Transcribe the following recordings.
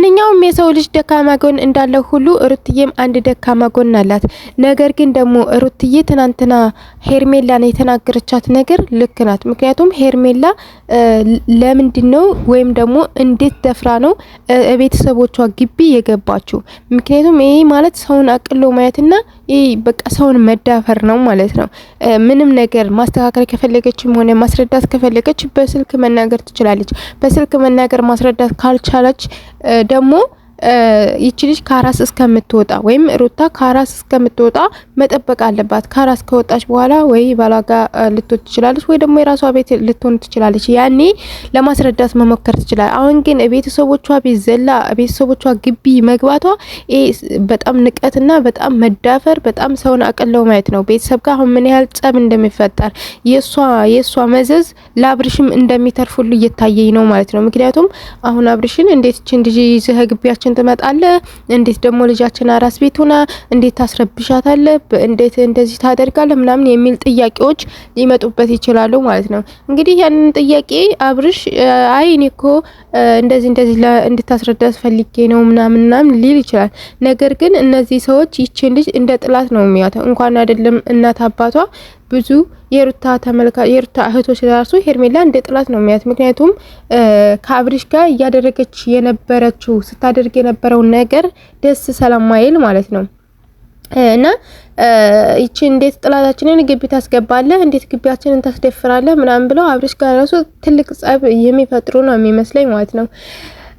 ማንኛውም የሰው ልጅ ደካማ ጎን እንዳለው ሁሉ ሩትዬም አንድ ደካማ ጎን አላት። ነገር ግን ደግሞ ሩትዬ ትናንትና ሄርሜላን የተናገረቻት ነገር ልክ ናት። ምክንያቱም ሄርሜላ ለምንድን ነው ወይም ደግሞ እንዴት ደፍራ ነው ቤተሰቦቿ ግቢ የገባችው? ምክንያቱም ይሄ ማለት ሰውን አቅሎ ማየትና ይሄ በቃ ሰውን መዳፈር ነው ማለት ነው። ምንም ነገር ማስተካከል ከፈለገችም ሆነ ማስረዳት ከፈለገች በስልክ መናገር ትችላለች። በስልክ መናገር ማስረዳት ካልቻለች ደግሞ ይቺ ልጅ ከአራስ እስከምትወጣ ወይም ሩታ ካራስ እስከምትወጣ መጠበቅ አለባት። ካራስ ከወጣች በኋላ ወይ ባሏ ጋር ልትሆን ትችላለች፣ ወይ ደግሞ የራሷ ቤት ልትሆን ትችላለች። ያኔ ለማስረዳት መሞከር ትችላል። አሁን ግን ቤተሰቦቿ ቤት ዘላ ቤተሰቦቿ ግቢ መግባቷ ይሄ በጣም ንቀትና በጣም መዳፈር፣ በጣም ሰውን አቅለው ማየት ነው። ቤተሰብ ጋር አሁን ምን ያህል ጸብ እንደሚፈጠር የእሷ የእሷ መዘዝ ለአብርሽም እንደሚተርፉሉ እየታየኝ ነው ማለት ነው። ምክንያቱም አሁን አብርሽን እንዴት ችን ልጅ ይዘህ ግቢያችን ልጃችን ትመጣለ? እንዴት ደግሞ ልጃችን አራስ ቤት ሆና እንዴት ታስረብሻታለህ? እንዴት እንደዚህ ታደርጋለ ምናምን የሚል ጥያቄዎች ሊመጡበት ይችላሉ ማለት ነው። እንግዲህ ያንን ጥያቄ አብርሽ አይ እኔ እኮ እንደዚህ እንደዚህ እንድታስረዳ ፈልጌ ነው ምናምን ምናምን ሊል ይችላል። ነገር ግን እነዚህ ሰዎች ይችን ልጅ እንደ ጥላት ነው የሚያዩት። እንኳን አይደለም እናት አባቷ ብዙ የሩታ ተመልካ የሩታ እህቶች ለራሱ ሄርሜላ እንደ ጥላት ነው የሚያት። ምክንያቱም ከአብሪሽ ጋር እያደረገች የነበረችው ስታደርግ የነበረው ነገር ደስ ሰላማይል ማለት ነው እና ይቺ እንዴት ጥላታችንን ግቢ ታስገባለህ? እንዴት ግቢያችንን ታስደፍራለህ? ምናምን ብለው አብሪሽ ጋር ራሱ ትልቅ ጸብ የሚፈጥሩ ነው የሚመስለኝ ማለት ነው።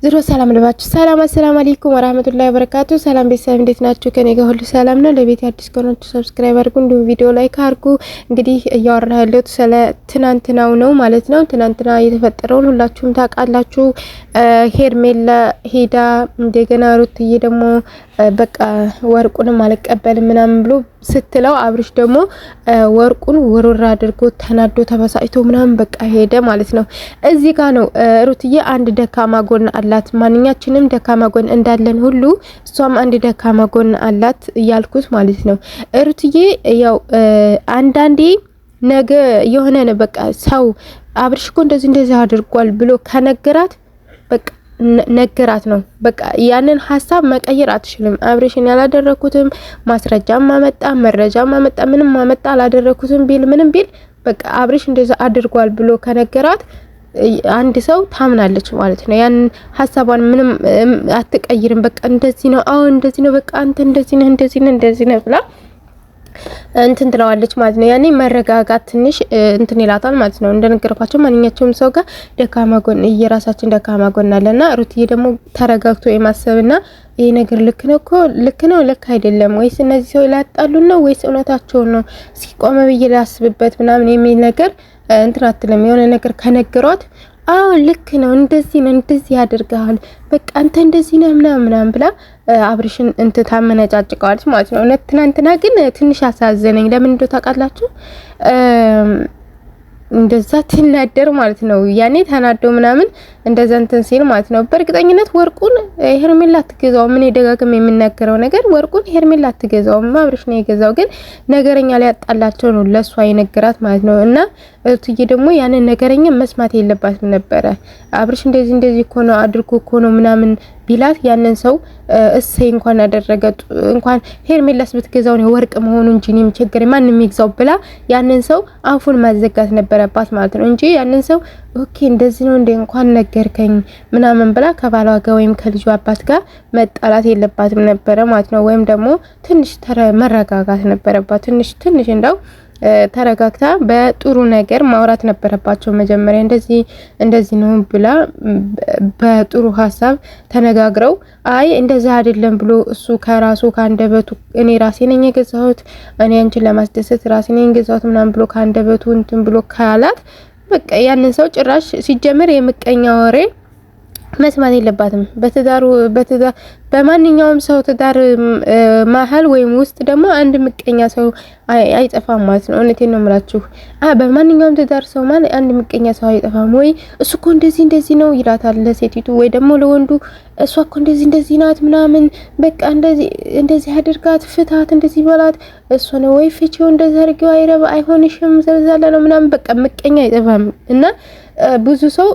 ዝሮ ሰላም ልባችሁ ሰላም አሰላም አለይኩም ወራህመቱላሂ ወበረካቱ። ሰላም ቤተሰብ እንዴት ናችሁ? ከኔ ጋር ሁሉ ሰላም ነው። ለቤት አዲስ ከሆናችሁ ሰብስክራይብ አድርጉ፣ እንዲሁም ቪዲዮ ላይክ አድርጉ። እንግዲህ እያወራ ያለሁት ስለ ትናንትናው ነው ማለት ነው። ትናንትና የተፈጠረውን ሁላችሁም ታውቃላችሁ። ሄርሜላ ሄዳ እንደገና ሩትዬ ደግሞ በቃ ወርቁንም አልቀበልም ምናምን ብሎ ስትለው አብርሽ ደግሞ ወርቁን ውርውር አድርጎ ተናዶ ተበሳጭቶ ምናምን በቃ ሄደ ማለት ነው። እዚህ ጋር ነው ሩትዬ አንድ ደካማ ጎን አለ አላት። ማንኛችንም ደካማ ጎን እንዳለን ሁሉ እሷም አንድ ደካማ ጎን አላት እያልኩት ማለት ነው። እርትዬ ያው አንዳንዴ ነገ የሆነ በቃ ሰው አብርሽ እኮ እንደዚህ እንደዚህ አድርጓል ብሎ ከነገራት በቃ ነገራት ነው በቃ ያንን ሀሳብ መቀየር አትችልም። አብሬሽን ያላደረኩትም ማስረጃ ማመጣ መረጃ ማመጣ ምንም ማመጣ አላደረኩትም ቢል ምንም ቢል በቃ አብሬሽ እንደዛ አድርጓል ብሎ ከነገራት አንድ ሰው ታምናለች ማለት ነው። ያን ሀሳቧን ምንም አትቀይርም። በቃ እንደዚህ ነው፣ አዎ እንደዚህ ነው፣ በቃ አንተ እንደዚህ ነህ፣ እንደዚህ ነህ፣ እንደዚህ ነህ ብላ እንትን ትለዋለች ማለት ነው። ያኔ መረጋጋት ትንሽ እንትን ይላታል ማለት ነው። እንደነገርኳቸው ማንኛቸውም ሰው ጋር ደካማ ጎን እየራሳችን ደካማ ጎን አለና ሩትዬ ደግሞ ተረጋግቶ የማሰብና ይሄ ነገር ልክ ነው እኮ ልክ ነው ልክ አይደለም ወይስ እነዚህ ሰው ላጣሉ ነው ወይስ እውነታቸውን ነው ሲቆመ ብዬ ላስብበት ምናምን የሚል ነገር እንትን አትልም። የሆነ ነገር ከነገሯት አዎ ልክ ነው፣ እንደዚህ ነው፣ እንደዚህ ያደርግሃል፣ በቃ አንተ እንደዚህ ነህ ምናምን ምናምን ብላ አብርሽን እንትን ታመነጫጭቀዋለች ማለት ነው። እውነት ትናንትና ግን ትንሽ አሳዘነኝ። ለምን እንደው ታውቃላችሁ እንደዛ ትናደር ማለት ነው። ያኔ ተናደው ምናምን እንደዛ እንትን ሲል ማለት ነው። በእርግጠኝነት ወርቁን ሄርሜላ አትገዛውም። እኔ ደጋግም የምናገረው ነገር ወርቁን ሄርሜላ አትገዛውም፣ አብርሽ ነው የገዛው። ግን ነገረኛ ላይ ያጣላቸው ነው ለሷ የነገራት ማለት ነው። እና እህትዬ ደግሞ ያንን ነገረኛ መስማት የለባትም ነበረ። አብርሽ እንደዚህ እንደዚህ እኮ ነው አድርጎ እኮ ነው ምናምን ቢላት ያንን ሰው እሰይ እንኳን አደረገ እንኳን ሄርሜላስ ብትገዛው ነው ወርቅ መሆኑ እንጂ እኔም ቸገረኝ ማንም ይግዛው ብላ ያንን ሰው አፉን ማዘጋት ነበረባት ማለት ነው እንጂ ያንን ሰው ኦኬ እንደዚህ ነው እንደ እንኳን ነገርከኝ ምናምን ብላ ከባሏ ጋር ወይም ከልጁ አባት ጋር መጣላት የለባትም ነበረ ማለት ነው። ወይም ደግሞ ትንሽ ተረ መረጋጋት ነበረባት ትንሽ ትንሽ እንደው ተረጋግታ በጥሩ ነገር ማውራት ነበረባቸው። መጀመሪያ እንደዚህ እንደዚህ ነው ብላ በጥሩ ሀሳብ ተነጋግረው አይ እንደዛ አይደለም ብሎ እሱ ከራሱ ካንደበቱ እኔ ራሴ ነኝ የገዛሁት እኔ አንቺን ለማስደሰት ራሴ ነኝ የገዛሁት ምናምን ብሎ ከአንደበቱ እንትን ብሎ ካላት በቃ ያንን ሰው ጭራሽ ሲጀመር የምቀኛ ወሬ መስማት የለባትም። በትዳሩ በትዳር በማንኛውም ሰው ትዳር መሀል ወይም ውስጥ ደግሞ አንድ ምቀኛ ሰው አይጠፋም ማለት ነው። እውነቴን ነው የምላችሁ። በማንኛውም ትዳር ሰው ማን አንድ ምቀኛ ሰው አይጠፋም። ወይ እሱ እኮ እንደዚህ እንደዚህ ነው ይላታል ለሴቲቱ፣ ወይ ደግሞ ለወንዱ እሷ እኮ እንደዚህ እንደዚህ ናት ምናምን፣ በቃ እንደዚህ እንደዚህ አድርጋት፣ ፍታት፣ እንደዚህ በላት፣ እሱ ነው ወይ ፍቺው፣ እንደዚህ አድርጊው፣ አይረባ አይሆንሽም፣ ዘልዛላ ነው ምናምን፣ በቃ ምቀኛ አይጠፋም እና ብዙ ሰው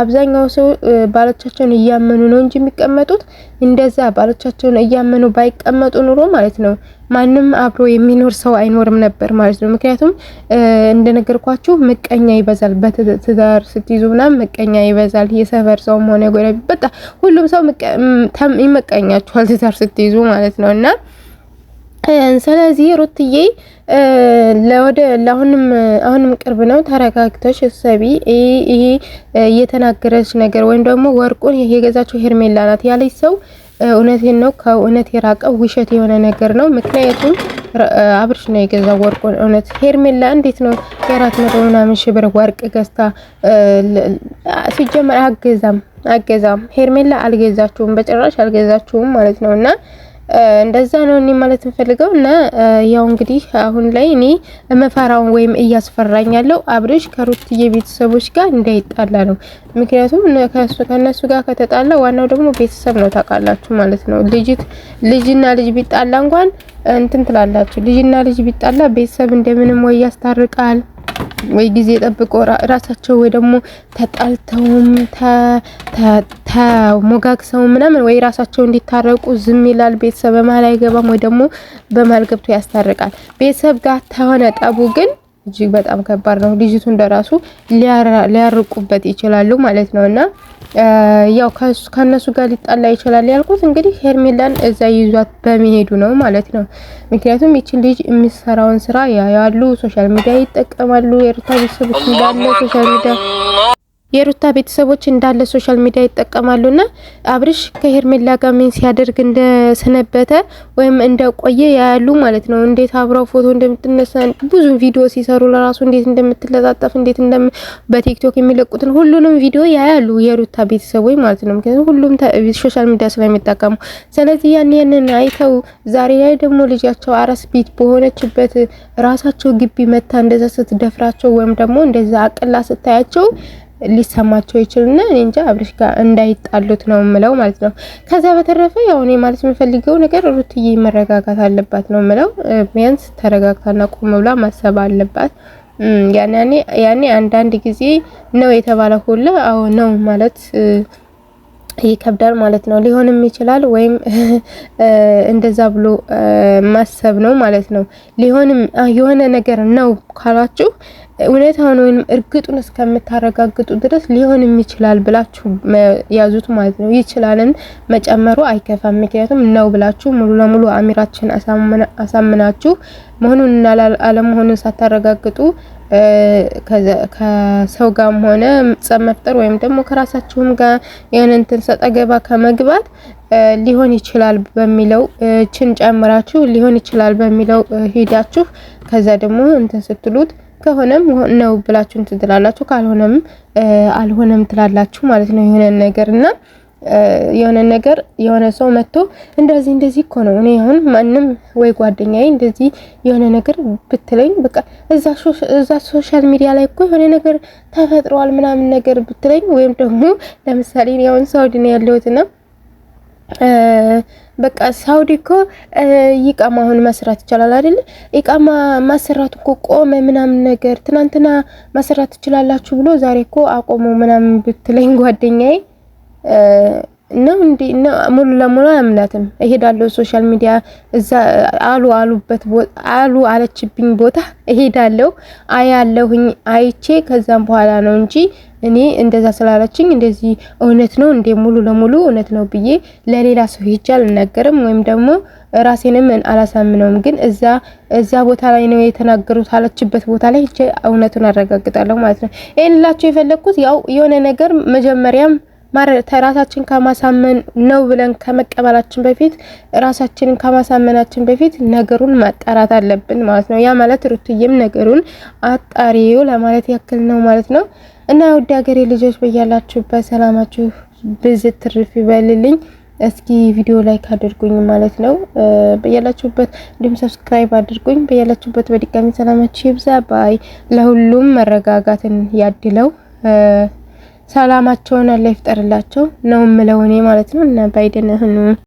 አብዛኛው ሰው ባሎቻቸውን እያመኑ ነው እንጂ የሚቀመጡት እንደዛ ባሎቻቸውን እያመኑ ባይቀመጡ ኑሮ ማለት ነው ማንም አብሮ የሚኖር ሰው አይኖርም ነበር ማለት ነው። ምክንያቱም እንደነገርኳችሁ ምቀኛ ይበዛል። በትዳር ስትይዙ ምናምን ምቀኛ ይበዛል። የሰፈር ሰውም ሆነ ጎረቤት በቃ ሁሉም ሰው ይመቀኛችኋል ትዳር ስትይዙ ማለት ነው እና ስለዚህ ሩትዬ ለወደ ለአሁንም አሁንም ቅርብ ነው። ተረጋግተሽ እሰቢ። ይሄ እየተናገረች ነገር ወይም ደግሞ ወርቁን የገዛችው ሄርሜላ ናት ያለች ሰው እውነቴን ነው፣ ከእውነት የራቀ ውሸት የሆነ ነገር ነው። ምክንያቱም አብርሽ ነው የገዛ ወርቁን። እውነት ሄርሜላ እንዴት ነው የአራት መቶ ምናምን ሺህ ብር ወርቅ ገዝታ? ሲጀመር አገዛም አገዛም ሄርሜላ አልገዛችሁም፣ በጭራሽ አልገዛችሁም ማለት ነው እና እንደዛ ነው እኔ ማለት እንፈልገው እና ያው እንግዲህ አሁን ላይ እኔ መፈራውን ወይም እያስፈራኝ ያለው አብርሽ ከሩትዬ ቤተሰቦች ጋር እንዳይጣላ ነው። ምክንያቱም ከነሱ ጋር ከተጣላ ዋናው ደግሞ ቤተሰብ ነው ታውቃላችሁ ማለት ነው። ልጅት ልጅና ልጅ ቢጣላ እንኳን እንትን ትላላችሁ። ልጅና ልጅ ቢጣላ ቤተሰብ እንደምንም ወይ ያስታርቃል ወይ ጊዜ ጠብቆ ራሳቸው ወይ ደግሞ ተጣልተውም ተሞጋግሰው ምናምን ወይ ራሳቸው እንዲታረቁ ዝም ይላል። ቤተሰብ በመሀል አይገባም፣ ወይ ደግሞ በመሀል ገብቶ ያስታርቃል። ቤተሰብ ጋር ተሆነ ጠቡ ግን እጅግ በጣም ከባድ ነው። ልጅቱን እንደራሱ ሊያርቁበት ይችላሉ ማለት ነው እና ያው ከነሱ ጋር ሊጣላ ይችላል ያልኩት እንግዲህ ሄርሜላን እዛ ይዟት በመሄዱ ነው ማለት ነው። ምክንያቱም ይቺ ልጅ የሚሰራውን ስራ ያያሉ፣ ሶሻል ሚዲያ ይጠቀማሉ። የሩታ ቤተሰቦች እንዳለ ሶሻል ሚዲያ የሩታ ቤተሰቦች እንዳለ ሶሻል ሚዲያ ይጠቀማሉና አብርሽ ከሄርሜላ ጋር ምን ሲያደርግ እንደሰነበተ ወይም እንደቆየ ያያሉ ማለት ነው። እንዴት አብረው ፎቶ እንደምትነሳ ብዙ ቪዲዮ ሲሰሩ ለራሱ እንዴት እንደምትለጣጠፍ እንዴት እንደም በቲክቶክ የሚለቁትን ሁሉንም ቪዲዮ ያያሉ የሩታ ቤተሰቦች ማለት ነው። ምክንያቱም ሁሉም ሶሻል ሚዲያ ስለሚጠቀሙ፣ ስለዚህ ያን ያንን አይተው ዛሬ ላይ ደግሞ ልጃቸው አራስ ቤት በሆነችበት ራሳቸው ግቢ መታ እንደዛ ስትደፍራቸው ወይም ደግሞ እንደዛ አቅላ ስታያቸው ሊሰማቸው ይችልና እኔ እንጃ አብርሽ ጋር እንዳይጣሉት ነው ምለው ማለት ነው። ከዛ በተረፈ ያው እኔ ማለት የምፈልገው ነገር ሩትዬ መረጋጋት አለባት ነው ምለው። ቢያንስ ተረጋግታና ቆም ብላ ማሰብ አለባት። ያኔ ያኔ አንዳንድ ጊዜ ነው የተባለ ሁላ አዎ ነው ማለት ይከብዳል ማለት ነው። ሊሆንም ይችላል ወይም እንደዛ ብሎ ማሰብ ነው ማለት ነው። ሊሆንም የሆነ ነገር ነው ካላችሁ እውነታውን ወይም እርግጡን እስከምታረጋግጡ ድረስ ሊሆንም ይችላል ብላችሁ ያዙት ማለት ነው። ይችላልን መጨመሩ አይከፋም። ምክንያቱም ነው ብላችሁ ሙሉ ለሙሉ አሚራችን አሳምናችሁ መሆኑንና አለመሆኑን ሳታረጋግጡ ከሰው ጋርም ሆነ ጸብ መፍጠር ወይም ደግሞ ከራሳችሁም ጋር የሆነ እንትን ሰጠገባ ገባ ከመግባት ሊሆን ይችላል በሚለው ችን ጨምራችሁ ሊሆን ይችላል በሚለው ሄዳችሁ ከዛ ደግሞ እንትን ስትሉት ከሆነም ነው ብላችሁ እንትን ትላላችሁ፣ ካልሆነም አልሆነም ትላላችሁ ማለት ነው የሆነ ነገርና የሆነ ነገር የሆነ ሰው መጥቶ እንደዚህ እንደዚህ እኮ ነው እኔ አሁን ማንም ወይ ጓደኛዬ እንደዚህ የሆነ ነገር ብትለኝ በቃ እዛ ሶሻል ሚዲያ ላይ እኮ የሆነ ነገር ተፈጥሯል ምናምን ነገር ብትለኝ ወይም ደግሞ ለምሳሌ እኔ አሁን ሳውዲ ነው በቃ ሳውዲ እኮ ይቃማ አሁን መስራት ይቻላል አይደል? ይቃማ ማሰራት እኮ ቆመ ምናምን ነገር ትናንትና ማሰራት ትችላላችሁ ብሎ ዛሬ እኮ አቆሙ ምናምን ብትለኝ ጓደኛዬ ነው እንዲ ሙሉ ለሙሉ አያምናትም። እሄዳለሁ ሶሻል ሚዲያ እዛ አሉ አሉበት አሉ አለችብኝ ቦታ እሄዳለሁ አያለሁኝ አይቼ ከዛም በኋላ ነው እንጂ እኔ እንደዛ ስላለችኝ እንደዚህ እውነት ነው እንዴ ሙሉ ለሙሉ እውነት ነው ብዬ ለሌላ ሰው ሄጄ አልናገርም፣ ወይም ደግሞ ራሴንም አላሳምነውም። ግን እዛ እዛ ቦታ ላይ ነው የተናገሩት አለችበት ቦታ ላይ ሄጄ እውነቱን አረጋግጣለሁ ማለት ነው። ይሄን ላቸው የፈለኩት ያው የሆነ ነገር መጀመሪያም ራሳችን ከማሳመን ነው ብለን ከመቀበላችን በፊት ራሳችንን ከማሳመናችን በፊት ነገሩን ማጣራት አለብን ማለት ነው። ያ ማለት ሩትዬም ነገሩን አጣሪው ለማለት ያክል ነው ማለት ነው። እና ውድ ሀገሬ ልጆች በያላችሁበት ሰላማችሁ ብዝት ትርፍ ይበልልኝ። እስኪ ቪዲዮ ላይክ አድርጉኝ ማለት ነው። በያላችሁበት እንዲሁም ሰብስክራይብ አድርጉኝ። በያላችሁበት በድጋሚ ሰላማችሁ ይብዛ ባይ። ለሁሉም መረጋጋትን ያድለው። ሰላማቸውን አላ ይፍጠርላቸው ነው ምለው እኔ ማለት ነው እና ባይደን